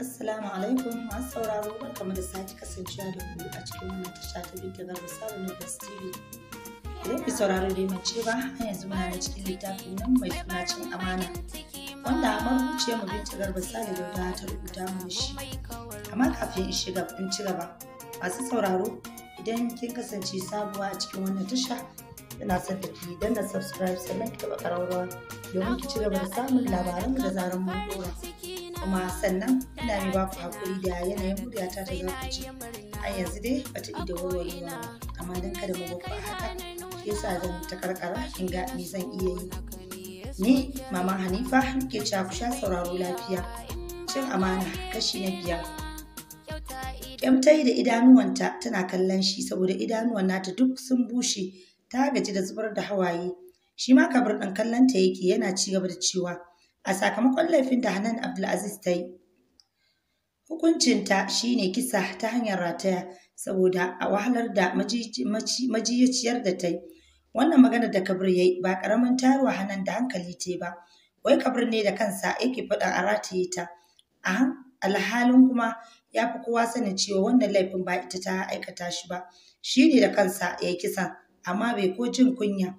Assalamu alaikum masu sauraro barkamu da sake kasancewa da ku a cikin wannan tasha ta Binta Garba Sabo na Best Idan ku sauraro dai mace ba a yanzu muna da cikin littafin nan mai suna cin amana. Wanda a ce mu Binta Garba Sabo da ta rubuta mu shi. Amma kafin in shiga in ci gaba masu sauraro idan kin kasance sabuwa a cikin wannan tasha ina son ta ki na subscribe sannan ki taɓa ƙararrawa domin ki ci gaba da samun labaran da zaran mun dora. kuma sannan ina mai baku hakuri da yanayin muryata ta za ku ji a yanzu dai bata ida warwarewa ba amma don kada mu baku haka shi yasa zan ta karkara in ga ni zan iya yi ni maman hanifa ke cewa ku sha sauraro lafiya cin amana kashi na biyar kyamtai da idanuwanta tana kallon shi saboda idanuwan nata duk sun bushe ta gaji da zubar da hawaye shi ma kabir ɗin kallonta yake yana ci gaba da cewa a sakamakon laifin da Hanan Abdulaziz ta yi. Hukuncinta shi ne kisa ta hanyar rataya saboda a wahalar da majiyaciyar da ta yi. Wannan magana da kabir ya yi ba ƙaramin taruwa Hanan da hankali ce ba, wai kabir ne da kansa yake faɗa a rataye ta. alhalin kuma ya fi kowa sani cewa wannan laifin ba ita ta aikata shi ba. Shi ne da kansa ya yi kisan, amma bai ko jin kunya,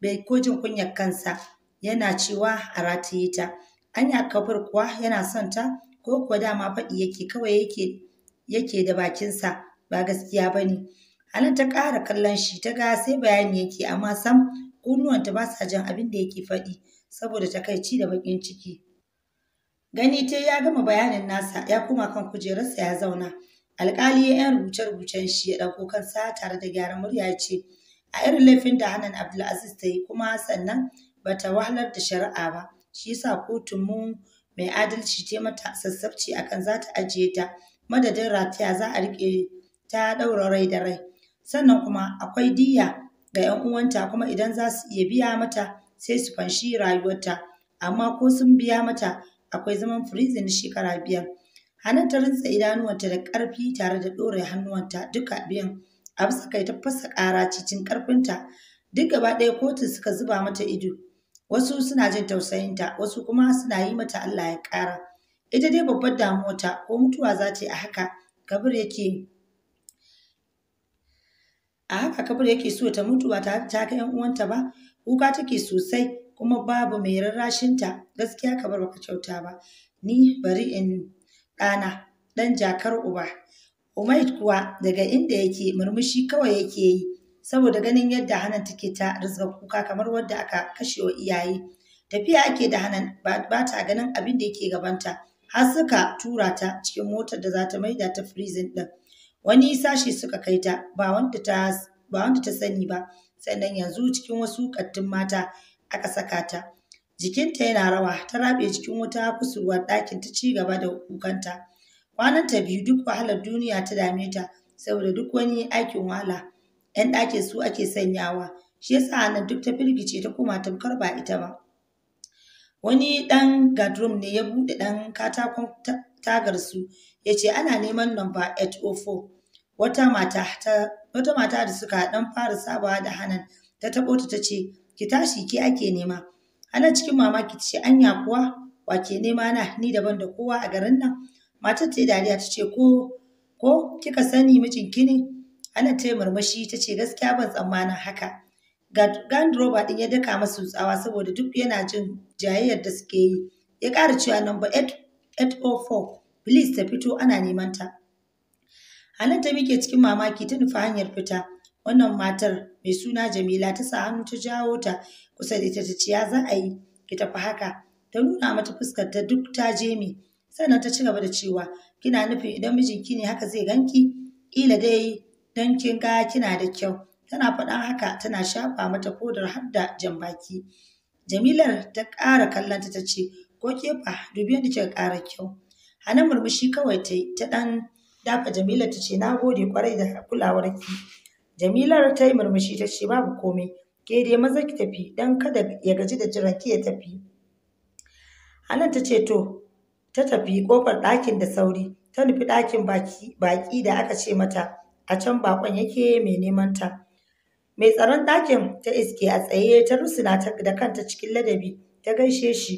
jin kunyar kansa yana cewa a rataye ta anya kafur kuwa yana son ta ko kuwa dama faɗi yake kawai yake yake da bakinsa ba gaskiya ba ne halin ta ƙara kallon shi ta ga sai bayani yake amma sam kunnuwanta ba sa jin abin da yake faɗi saboda ta kai ci da bakin ciki gani ta ya gama bayanin nasa ya koma kan kujerarsa ya zauna alƙali ya yan rubuce-rubucen shi ya ɗauko kansa tare da gyaran murya ya ce a irin laifin da hanan abdulaziz ta yi kuma sannan bata wahalar da shari'a ba shi yasa kotun mu mai adalci ce mata sassabci akan za ta ajiye ta madadin rataya za a riƙe ta ɗaura rai da rai sannan kuma akwai diyya ga 'yan uwanta kuma idan za su iya biya mata sai su fanshi rayuwarta amma ko sun biya mata akwai zaman firizin shekara biyar hannun ta rinsa idanuwanta da karfi tare da ɗore hannuwanta duka biyan a bisa kai ta fasa ƙara cikin ƙarfinta duk gaba ɗaya kotun suka zuba mata ido wasu suna jin tausayinta wasu kuma suna yi mata Allah ya ƙara ita dai babbar damuwarta ko mutuwa za ta yi a haka kabir yake a haka kabir yake so ta mutuwa ba ta ga yan uwanta ba kuka take sosai kuma babu mai rarrashinta gaskiya kabar baka kyauta ba ni bari in ɗana ɗan jakar uba umaid kuwa daga inda yake murmushi kawai yake yi saboda ganin yadda hanan take ta rizga kuka kamar wadda aka kashe wa iyaye tafiya ake da hanan ba ta ganin abin da yake gabanta har suka tura ta cikin motar da za ta maida ta freezing din wani sashi suka kai ta ba wanda ta sani ba sannan yanzu cikin wasu kattun mata aka saka ta jikinta yana rawa ta rabe cikin wata kusurwa ɗakin ta ci gaba da kukanta kwananta biyu duk wahalar duniya ta dame ta saboda duk wani aikin wahala 'yan ɗakin su ake sanyawa shi yasa nan duk ta firgice ta koma tamkar ba ita ba wani ɗan gadrum ne ya buɗe ɗan katakon tagar su ya ce ana neman namba 804 wata mata wata mata da suka ɗan fara sabawa da Hanan ta taɓo ta ta ce ki tashi ke ake nema Hanan cikin mamaki ta ce anya kuwa wa ke nema na ni daban da kowa a garin nan matar ta yi dariya ta ce ko ko kika sani mijinki ne ana ta yi murmushi ta ce gaskiya ban tsammanin haka. roba din ya daka masu tsawa saboda duk yana jin jayayyar da suke yi. Ya ƙara cewa namba 804 Bilis ta fito ana neman ta. halin ta mike cikin mamaki ta nufa hanyar fita. Wannan matar mai suna Jamila ta sa hannu ta jawo ta kusa da ita ta ce ya za a yi ki tafi haka. Ta nuna mata fuskar ta duk ta je mi. Sannan ta ci gaba da cewa kina nufin idan mijinki ne haka zai ganki? Kila dai don kin ga kina da kyau tana faɗan haka tana shafa mata fodar har da jan baki jamilar ta ƙara kallonta ta ce ko kefa, fa dubi yadda kika ƙara kyau hana murmushi kawai ta ta ɗan dafa jamilar ta ce na gode kwarai da kulawarki jamilar ta yi murmushi ta ce babu komai ke dai maza ki tafi don kada ya gaji da jiran ki ya tafi Hanan ta ce to ta tafi kofar ɗakin da sauri ta nufi ɗakin baki da aka ce mata a can bakon yake mai neman ta. Mai tsaron ɗakin ta iske a tsaye ta rusuna ta da kanta cikin ladabi ta gaishe shi.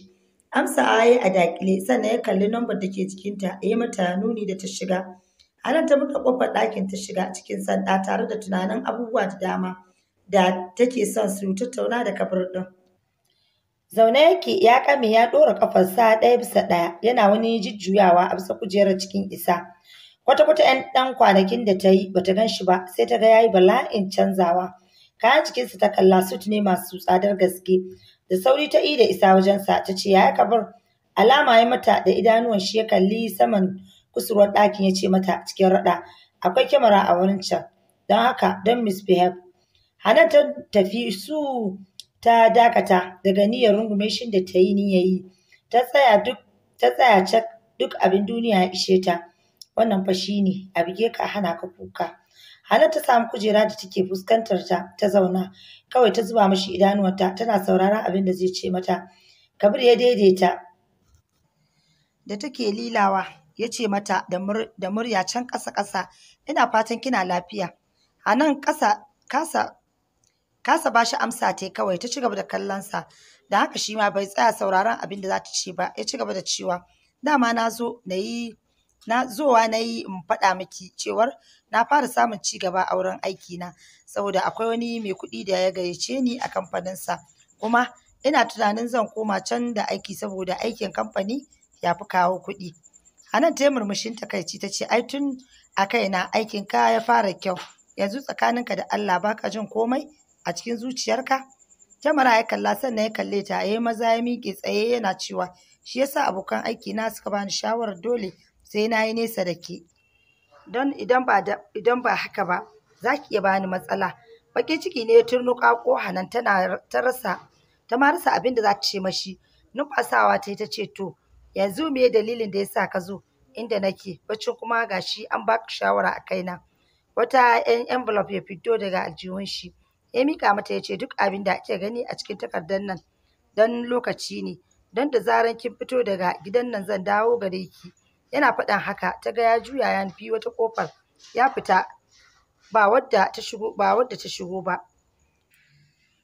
Amsa yi a dakile sannan ya kalli lambar da ke jikinta a yi mata nuni da ta shiga. Hanan ta buɗe ƙofar ɗakin ta shiga cikin sanda tare da tunanin abubuwa da dama da take son su tattauna da kabar ɗin. Zaune yake ya kame ya ɗora ƙafarsa ɗaya bisa ɗaya yana wani jujjuyawa a bisa kujerar cikin isa. Wata wata ‘yan ɗan kwanakin da ta yi bata gan shi ba sai ta ga ya yi bala'in canzawa. Kayan jikinsa ta kalla sut ne masu tsadar gaske. Da sauri ta yi da isa wajensa ta ce yaya kabar alama ya mata da idanuwan shi ya kalli saman kusurwar ɗakin ya ce mata cikin raɗa akwai kyamara a wurin can don haka don misbehave. hana ta tafi su ta dakata daga niyyar rungume shi da ta yi niyyar yi. ta tsaya cak duk abin duniya ya ishe ta. wannan fa shi ne a bige ka hana ka kuka Hanan ta samu kujera da take fuskantar ta ta zauna kawai ta zuba mashi idanuwarta tana sauraron abin da zai ce mata kabir ya daidaita da take lilawa ya ce mata da murya can ƙasa-ƙasa ina fatan kina lafiya a nan ƙasa kasa kasa ba shi amsa ta kawai ta ci gaba da sa da haka shi ma bai tsaya sauraron abin da za ta ce ba ya cigaba da cewa dama na zo na yi na zowa na yi in faɗa miki cewar na fara samun ci gaba a wurin aikina saboda akwai wani mai kuɗi da ya gayyace ni a kamfaninsa kuma ina tunanin zan koma can da aiki saboda aikin kamfani ya fi kawo kuɗi. A nan ta yi murmushin takaici ta ce ai tun a na aikin ka ya fara kyau yanzu tsakaninka da Allah baka jin komai a cikin zuciyarka. Jamara ya kalla sannan ya kalle ta yi maza ya miƙe tsaye yana cewa shi yasa abokan aiki na suka bani shawarar dole sai na yi nesa da ke don idan ba haka ba za ki iya bani matsala baƙin ciki ne ya ko hanan tana ta rasa ta ma rasa abin da za ta ce mashi numfasawa ta yi ta ce to yanzu me dalilin da ya sa ka zo inda nake bacci kuma ga shi an baka shawara a kaina wata yan envelope ya fito daga aljihun shi ya mika mata ya ce duk abin da ake gani a cikin takardar nan don lokaci ne don da zaran kin fito daga gidan nan zan dawo gare ki yana faɗan haka ta ga ya juya ya nufi wata ƙofar ya fita ba wadda ta shigo ba wadda ta shigo ba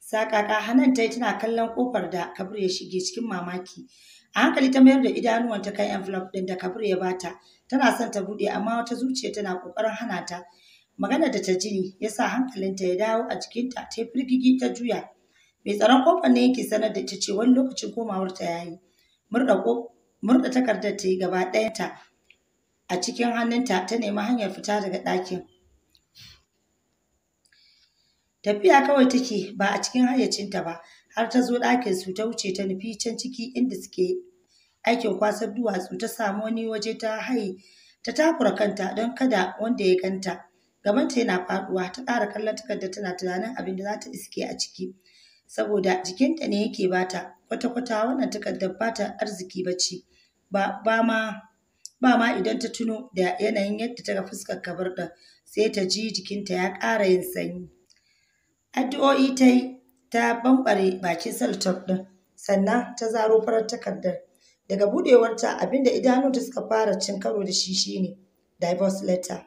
sakaka hanan tai tana kallon ƙofar da kabir ya shige cikin mamaki a hankali ta mayar da idanuwan ta kan envelope ɗin da kabir ya bata tana son ta buɗe amma wata zuciya tana ƙoƙarin hana ta maganar da ta jini ya sa hankalinta ya dawo a jikinta ta yi firgigi ta juya mai tsaron kofar ne yake sanar da ita ce wani lokacin komawar ta yayi ko. murda takardar ta yi gaba ɗayanta a cikin hannunta ta nemi hanyar fita daga ɗakin tafiya kawai take ba a cikin hayyacinta ba har ta zo ɗakin su ta wuce ta nufi can ciki inda suke aikin kwasar duwatsu ta samu wani waje ta haye ta takura kanta don kada wanda ya ganta Gamanta yana faɗuwa ta ƙara kallon takardar tana tunanin abin da za ta iske a ciki saboda jikinta ne yake bata kwata-kwata wannan takardar bata arziki ba ce ba ma ba ma idan ta tuno da yanayin yadda ta fuskar kabar ɗin sai ta ji jikinta ya ƙara yin sanyi addu'o'i ta yi ta bambare bakin saltop ɗin sannan ta zaro farar takardar daga buɗewarta abinda idanunta suka fara cin karo da shi shine divorce letter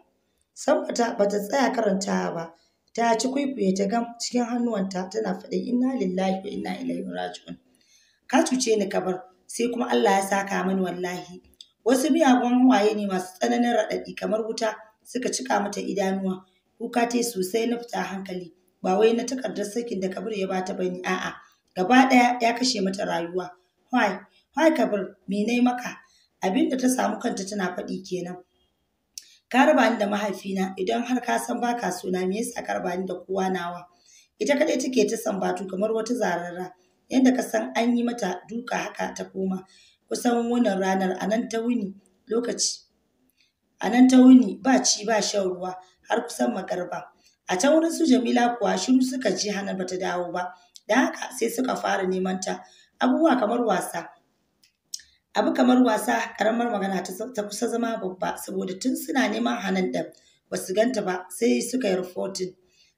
saboda ba ta tsaya karantawa ba ta ci kwaikwaye ta gam cikin hannuwanta tana faɗin inna lillahi wa inna ilaihi raji'un ka cuce ni kabar sai kuma Allah ya saka mani wallahi wasu miyagun waye ne masu tsananin raɗaɗi kamar wuta suka cika mata idanuwa kuka ta sosai na fita hankali ba wai na takardar sakin da kabir ya bata ba ni a'a gaba ɗaya ya kashe mata rayuwa why why kabir me ne maka abinda ta samu kanta tana faɗi kenan ka raba ni da mahaifina idan har ka san baka suna me yasa ka raba ni da kowa nawa ita kadai take ta sambatu kamar wata zarara yadda ka san an yi mata duka haka ta koma kusan wunin ranar a nan ta wuni lokaci a ta wuni ba ci ba shan ruwa har kusan magarba a can wurin su jamila kuwa shiru suka ji hana bata dawo ba da haka sai suka fara neman ta abubuwa kamar wasa abu kamar wasa karamar magana ta kusa zama babba saboda tun suna neman hanan ɗin ba su ganta ba sai suka yi rufotin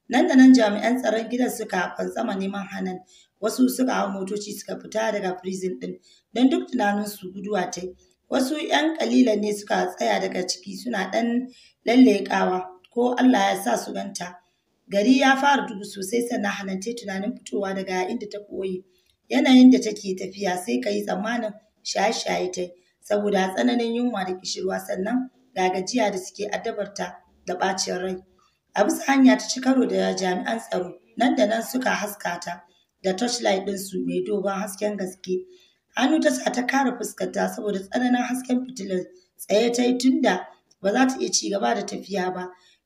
nan da nan jami'an tsaron gidan suka fansama neman hanan wasu suka hau motoci suka fita daga prison din don duk tunanin su guduwa ta wasu 'yan kalilan ne suka tsaya daga ciki suna ɗan lallekawa ko Allah ya sa su ganta gari ya fara dubu sosai sannan hanance tunanin fitowa daga inda ta koyi yanayin da take tafiya sai ka yi tsammanin shaye-shaye ta saboda tsananin yunwa da kishirwa sannan ga gajiya da suke addabarta da ɓacin rai a bisa hanya ta ci karo da jami'an tsaro nan da nan suka haska ta da torchlight su mai dogon hasken gaske. Hannu ta sa ta kara fuskanta saboda tsananin hasken fitilar tsaye ta yi tunda ba za ta iya ci gaba da tafiya ba.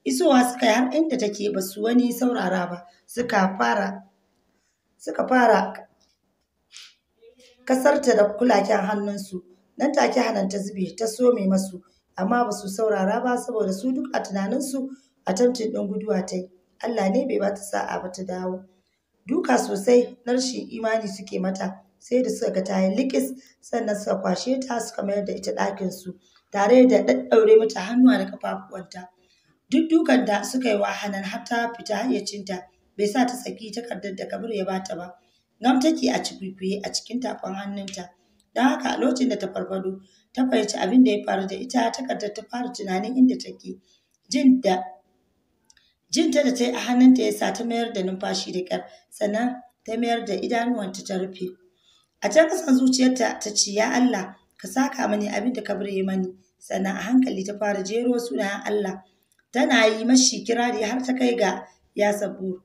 Isowa suka yi har inda take ba su wani saurara ba suka fara suka fara kasarta da kulaken hannunsu nan take hananta zube ta some masu amma ba su saurara ba saboda su duk a tunaninsu a tamtin ɗin guduwa ta yi. Allah ne bai ba ta sa'a ba ta dawo. Duka sosai na rashin imani suke mata sai da suka ga ta yi likis sannan suka kwashe ta suka mayar da ita su tare da ɗaɗɗaure mata hannuwa da ƙafafuwanta. Duk dukan da suka yi wahanan har ta fita hayyacinta bai sa ta saki takardar da Kabir ya bata ba. Gam take a cikwikwiye a cikin takon hannunta. Don haka a lokacin da ta farfado ta fahimci abin da ya faru da ita takardar ta fara tunanin inda take. Jin da Jinta da ta yi a hannunta ya sa ta mayar da numfashi da kyar. sannan ta mayar da idanuwanta ta rufe. A can kasan zuciyarta ta ce, Ya Allah, ka saka mani abin da ka bire mani. Sannan a hankali ta fara jero sunayen Allah. Tana yi mashi kirari har ta kai ga ya sabur.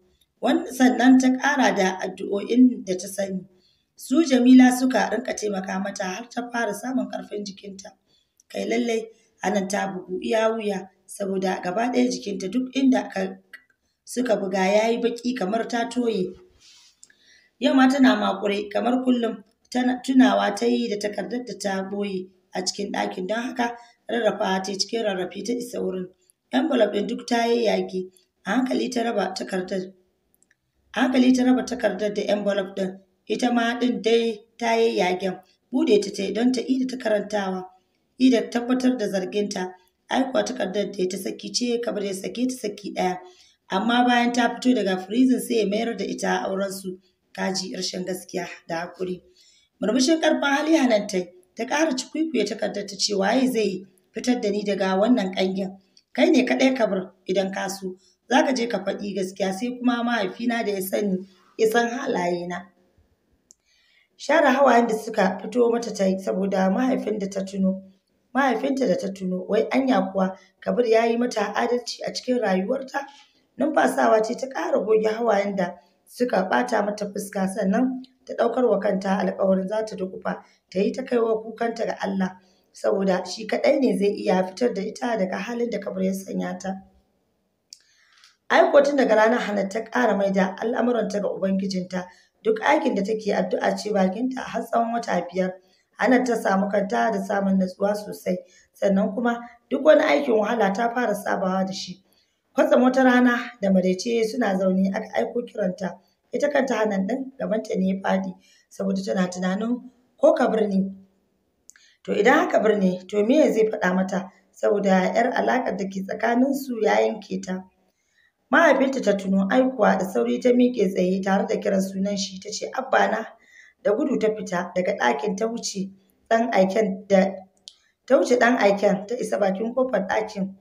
Sannan ta ƙara da addu'o'in da ta sani. Su Jamila suka rinka taimaka mata har ta fara samun ƙarfin jikinta. Kai lallai, anan ta bugu iya wuya saboda gaba ɗaya jikinta duk inda ka suka buga ya yi baƙi kamar ta toye. Yau ma tana makure kamar kullum tunawa ta yi da takardar da ta boye a cikin ɗakin don haka rarrafa ta cikin rarrafi ta isa wurin. Envelope ɗin duk ta yi yaƙi a hankali ta raba takardar. A hankali ta raba takardar da envelope ɗin ita ma ɗin dai ta yi yaƙin. Bude ta ta don ta ida ta karantawa, ida tabbatar da zarginta ai kuwa takardar da ta saki ce kamar ya sake ta saki ɗaya amma bayan ta fito daga firizin sai ya mayar da ita auren su kaji rashin gaskiya da hakuri murmushin karfin hali hananta ta ƙara cikwikwiye takardar ta ce waye zai fitar da ni daga wannan ƙangin kai ne kaɗai kabar idan ka so za ka je ka faɗi gaskiya sai kuma mahaifina da ya sani ya san halayena share hawayen da suka fito mata ta yi saboda mahaifin da ta tuno Mahaifinta da ta tuno, wai anya kuwa Kabir ya yi mata adalci a cikin rayuwarta? Numfasawa ce ta ƙara goge hawayen da suka ɓata mata fuska sannan ta ɗaukar wa kanta alƙawarin za ta dukufa ta yi ta kaiwa kukanta ga Allah saboda shi kaɗai ne zai iya fitar da ita daga halin da Kabir ya sanya ta. Ai tun daga ranar hana ta ƙara mai da al'amuranta ga Ubangijinta duk aikin da take addu'a ce bakinta har tsawon wata biyar. ana ta samu kanta da samun natsuwa sosai sannan kuma duk wani aikin wahala ta fara sabawa da shi. kwatsa wata rana da maraice suna zaune aka aiko kiranta ita kanta Hannat ɗin gabanta ne ya faɗi saboda tana tunanin ko ka birni? To idan haka birni to me zai faɗa mata saboda 'yar alaƙar da ke tsakanin su ya yanke ta. Mahaifinta ta tuno aikuwa da sauri ta miƙe tsaye tare da kiran sunan shi ta ce Abba na da gudu ta fita daga ɗakin ta wuce ɗan aiken da ta wuce ɗan aiken ta isa bakin kofar ɗakin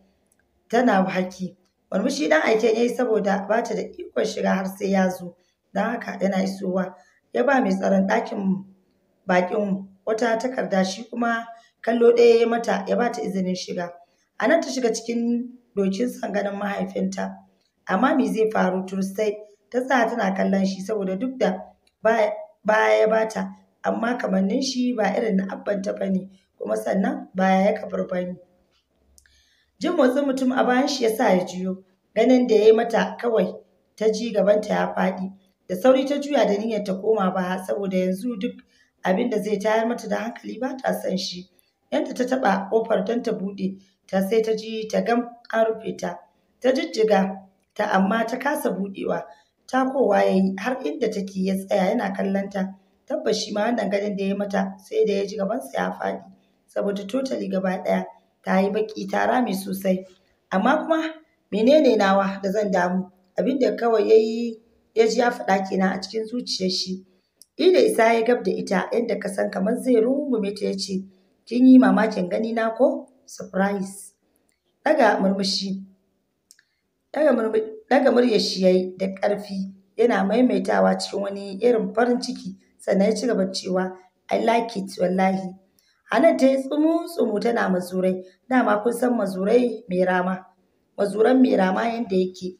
tana haki murmushi ɗan aiken ya saboda ba ta da ikon shiga har sai ya zo don haka yana isowa ya ba mai tsaron ɗakin bakin wata takarda shi kuma kallo ɗaya ya mata ya ba ta izinin shiga a nan ta shiga cikin dokin sanganin mahaifinta amma me zai faru tursai ta sa tana kallon shi saboda duk da ba baya ya bata amma kamannin shi ba irin na abbanta ba ne kuma sannan baya ya kafar ba ne. Jin motsin mutum a bayan shi ya sa ya jiyo. ganin da ya yi mata kawai ta ji gabanta ya faɗi da sauri ta juya da niyyar ta koma ba saboda yanzu duk abin da zai tayar mata da hankali ba ta son shi. Yanda ta taɓa ƙofar don ta buɗe ta sai ta ji ta gam an rufe ta ta jijjiga ta amma ta kasa buɗewa takowa ya yi har inda take ya tsaya yana kallon ta tabbas shi ma wannan ganin da ya mata sai da ya ji gaban sa ya faɗi saboda totali gaba ɗaya ta yi baki ta rame sosai amma kuma menene nawa da zan damu abin da kawai ya yi ya ji ya faɗa kenan a cikin zuciyar shi ida isa ya gab da ita yadda ka san kamar zai rungume ta ya ce kin yi mamakin gani na ko surprise daga murmushi daga murmushi daga muryar shi ya yi da ƙarfi yana maimaitawa cikin wani irin farin ciki sannan ya ci gaba cewa I like it wallahi. Hannun ta yi tsumu-tsumu tana mazurai, dama kun san mazurai mai rama, mazuran mai rama yadda yake.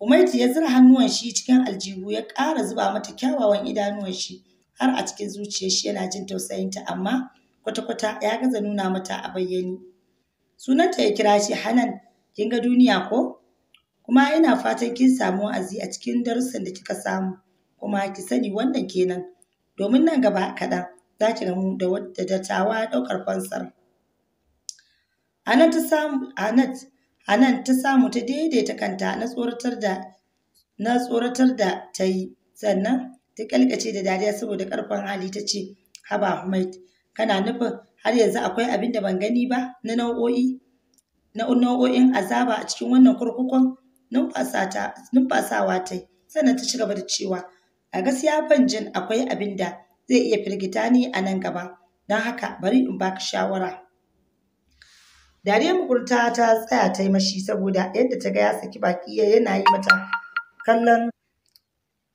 Umaiti ya zura hannuwan shi cikin aljihu ya ƙara zuba mata kyawawan idanuwan shi har a cikin zuciyar shi yana jin tausayinta amma kwata-kwata ya gaza nuna mata a bayyane. Sunanta ya kira shi Hanan, kin ga duniya ko? kuma ina fatan kin samu wa'azi a cikin darussan da kika samu kuma ki sani wannan kenan domin nan gaba kaɗan za ki gamu da dattawa ɗaukar fansar. Anan ta Anan ta samu ta daidaita kanta na tsoratar da na ta yi sannan ta kalkace da dariya saboda karfin hali ta ce haba mai kana nufin har yanzu akwai abin da ban gani ba na na nau'o'in azaba a cikin wannan kurkukun numfasawa ta yi sannan ta ci gaba da cewa a gaskiya ban jin akwai abin da zai iya firgita ni a nan gaba don haka bari in baka shawara dariyar mugunta ta tsaya ta yi mashi saboda yadda ta ga ya saki baki yana yi mata kallon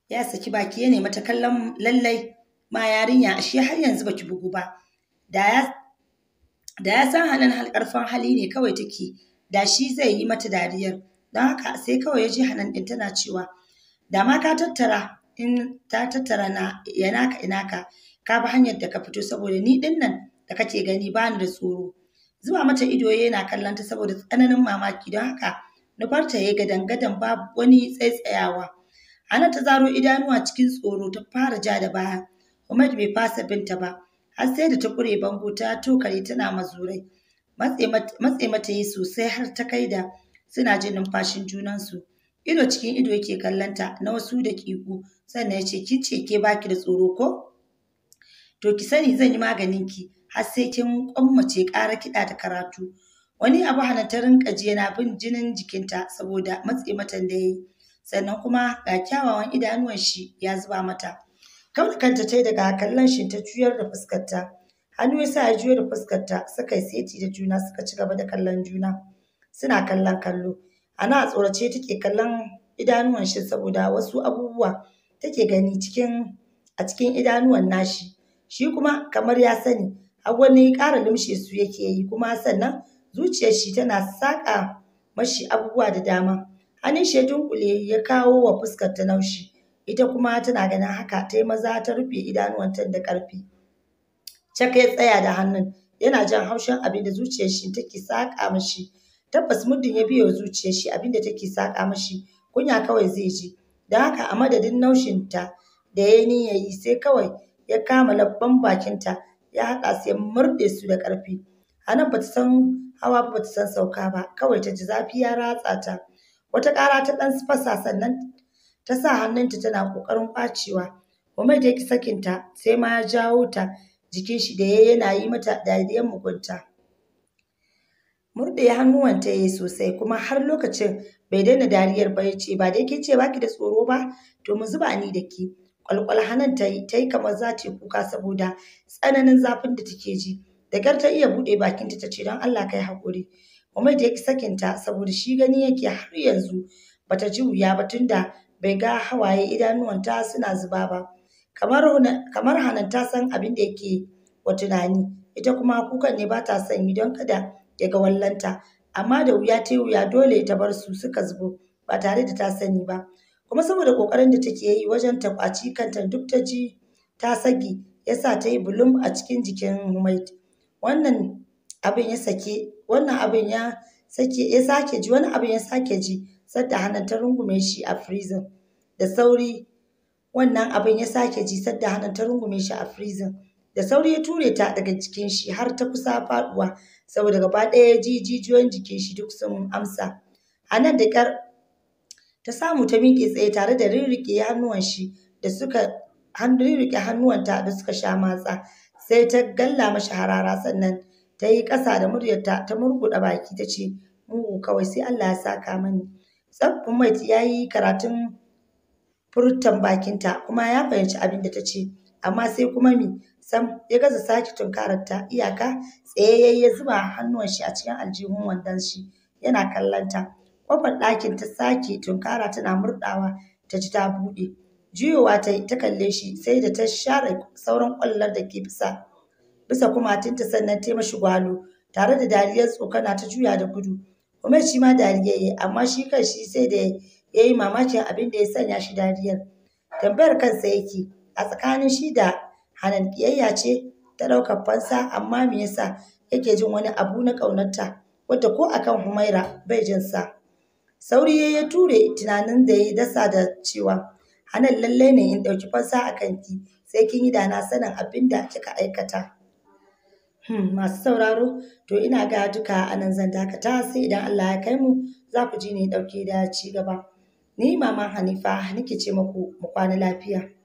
ya saki baki yana mata kallon lallai ma yarinya shi har yanzu baki bugu ba da ya san halin ƙarfin hali ne kawai take da shi zai yi mata dariyar don haka sai kawai ya ji hanan ɗin tana cewa da ma ka tattara in ta tattara na yanaka inaka ka bi hanyar da ka fito saboda ni ɗin nan da kake gani ba ni da tsoro zuwa mata ido yana kallon ta saboda tsananin mamaki don haka nufarta ya gadan gadan babu wani tsaitsayawa ana ta zaro idanuwa cikin tsoro ta fara ja da baya Umar bai fasa binta ba har sai da ta kure bango ta tokare tana mazurai matse mata yi sosai har ta kai da suna jin numfashin junansu ido cikin ido yake kallanta na wasu daƙiƙu sannan ya ce "Ki ce ke baki da tsoro ko to ki sani zan yi maganin ki har sai kin kwammace ƙara kiɗa da karatu wani abu hana ta rinka ji yana bin jinin jikinta saboda matse matan da ya sannan kuma ga kyawawan idanuwan shi ya zuba mata kamar kanta ta daga kallon shi ta juyar da fuskarta hannu ya sa ya juyar da fuskarta suka yi seti da juna suka ci gaba da kallon juna suna kallon kallo ana a tsorace take kallon idanuwan shi saboda wasu abubuwa take gani cikin a cikin idanuwan nashi shi kuma kamar ya sani agwani wani ƙara lumshe su yake yi kuma sannan zuciyar shi tana saƙa mashi abubuwa da dama hannun shi ya dunkule ya kawo wa fuskar ta naushi ita kuma tana ganin haka ta yi maza ta rufe idanuwan ta da ƙarfi Caka ya tsaya da hannun yana jan haushin abin da zuciyar shi take saƙa mashi tabbas muddin ya biyo zuciyar shi abin da take saka mashi kunya kawai zai ji don haka a madadin naushinta da ya ni yi sai kawai ya kama labban bakinta ya haɗa su murɗe su da ƙarfi ba bata san hawa ba bata san sauka ba kawai ta ji zafi ya ratsa ta wata ƙara ta ɗan fasa sannan ta sa hannunta tana ƙoƙarin ƙwacewa kuma da ya ki sakinta sai ma ya jawo ta jikin shi da ya yana yi mata da dariyar mugunta. Murɗe hannuwanta ya yi sosai kuma har lokacin bai daina dariyar ba ya ce ba dai ke ce baki da tsoro ba to mu zuba ni da ke. Kwalkwal hannun ta yi ta yi kamar za ta yi kuka saboda tsananin zafin da take ji. Da gar ta iya buɗe bakinta ta ce don Allah kai haƙuri. Umar da ya ki ta, saboda shi gani yake har yanzu bata ji wuya ba tunda bai ga hawaye idanuwanta suna zuba ba. Kamar Hanan ta san abin da yake wa tunani ita kuma kukan ne ba ta son yi don kada ya ga wallanta amma da wuya ta wuya dole ta bar su suka zubo ba tare da ta sani ba kuma saboda kokarin da take yi wajen ta kwaci kanta duk ta ji ta sagi yasa ta yi bulum a cikin jikin Humaid wannan abin ya sake wannan abin ya sake ya sake ji wani abin ya sake ji sadda hannun ta rungume shi a firizin da sauri wannan abin ya sake ji sadda hannun ta rungume shi a firizin. da sauri ya ture ta daga cikin shi har ta kusa faduwa saboda gaba ɗaya jijiyoyin jikin shi duk sun amsa A nan da ƙyar ta samu ta miƙe tsaye tare da rirriƙe hannuwan shi da suka rirriƙe hannuwanta da suka sha matsa sai ta galla mashi harara sannan ta yi ƙasa da muryarta ta murguɗa baki ta ce mugu kawai sai Allah ya saka mani tsaffin mai ya yi karatun furtan bakinta kuma ya fahimci abin da ta ce amma sai kuma me sam ya gaza sake tunkarar ta iyaka tsaye ya zuba hannuwan shi a cikin aljihun wandon shi yana kallon ta kofar ɗakin ta sake tunkara tana murɗawa ta ji ta buɗe juyowa ta ta kalle shi sai da ta share sauran ƙwallar da ke bisa bisa kumatinta sannan ta mashi gwalo tare da dariyar tsokana ta juya da gudu Umar shi ma dariya yi, amma shi kan shi sai da ya yi mamakin abin da ya sanya shi dariyar tambayar kansa yake a tsakanin shi da Hanan ƙiyayya ce ta ɗaukar fansa amma me yasa yake jin wani abu na ƙaunarta wata ko akan Humaira bai jin sa. Sauri ya yi ture tunanin da ya dasa da cewa Hanan lalle ne in ɗauki fansa a kanki sai kin yi da na sanin abin da kika aikata. Hmm, masu sauraro to ina ga duka a nan zan dakata sai idan Allah ya kai mu za ku ji ni ɗauke da ci gaba. Ni Maman Hanifa nake ce muku mu kwana lafiya.